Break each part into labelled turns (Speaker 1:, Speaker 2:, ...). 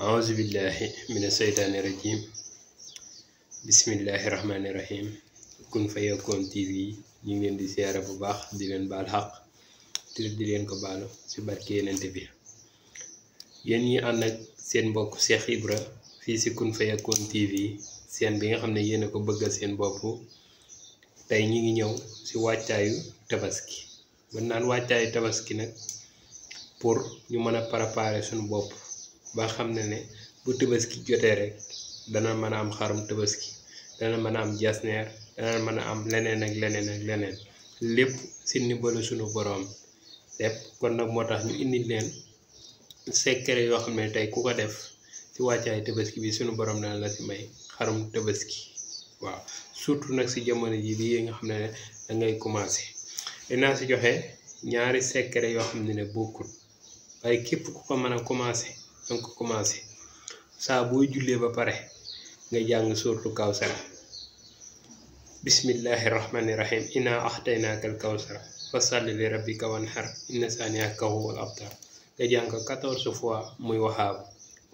Speaker 1: أعوذ بالله من الشيطان الرجيم بسم الله TV ñu ngi leen di siyaare bu baax di leen baal xaq te di leen ko baalu ci barke yenente bi yéen ñi ànd ak seen mbokk Cheikh Ibra fii ci Kun Fayakoun TV seen bi nga xam ne yéen a ko bëggal seen bopp tey ñu ngi ñëw si wàccaayu tabaski mën naan wàccaayu tabaski nag pour ñu mën a préparer sunu bopp ba xam ne ne bu tabaski jotee rek dana mën a am xarum tabaski dana mën a am jasneer dana mën a am leneen ak leneen ak leneen lépp si ndimbalu suñu boroom lépp kon nag moo tax ñu indi leen secret yoo xam ne tey ku ko def ci wàccaay tabaski bi sunu boroom dana la si may xarum tabaski waaw surtout nag si jamono ji lii nga xam ne da ngay commencé dinaa si joxe ñaari secret yoo xam ne ne bokkul waaye képp ku ko mën a commencé danga commencé saa boo jullee ba pare nga jàng sóortu kawsara bismillahi rahmani rahim ina axtaynaaka al kawsara fasalli li rabbika wanhar inna saaniaka huwal abtar nga jàng quatorze fois muy waxaabu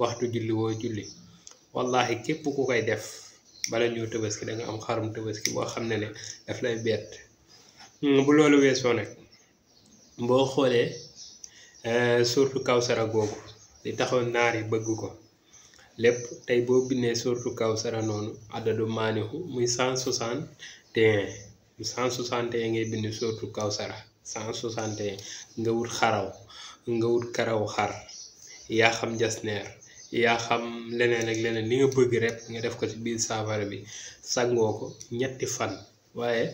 Speaker 1: waxtu julli woo julli wallahi képp ku koy def bala ñëw tabaski da am xarum tabaski boo xam ne ne daf lay bett hmm, bu loolu weesoo nag boo xoolee eh, surtout kawsara googu li taxoon naar yi bëgg ko lépp tey boo bindee surtout Kawsara noonu adadu maanihu muy cent soixante et un cent soixante un ngay bind surtout Kawsara cent soixante et un nga wut xaraw nga wut karaw xar yaa xam jasneer yaa xam leneen ak leneen li nga bëgg rek nga def ko ci biir saafara bi sangoo ko ñetti fan waaye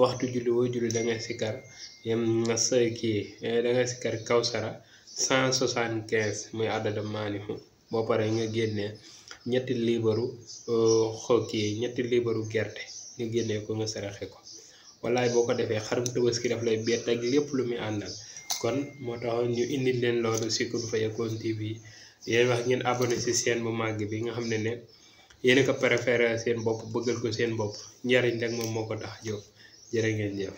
Speaker 1: waxtu julli woo julli da nga sikkar yem sa kii eh, da nga sikkar Kawsara cent soixante quinze muy àddada maanihu boo paree nga génnee ñetti liibaru euh, xokki ñetti liibaru gerte nga génnee ko nga saraxe ko wallaay boo ko defee xarum tabaski daf lay bett ak lépp lu muy àndal kon moo tax ñu indi leen loolu si Kun Fayakoun TV yéen wax ngeen abonné si seen bu màgg bi nga xam ne ne yéen ko préféré seen bopp bëggal ko seen bopp njariñ rek moom moo ko tax jóg jërë ngeen jëf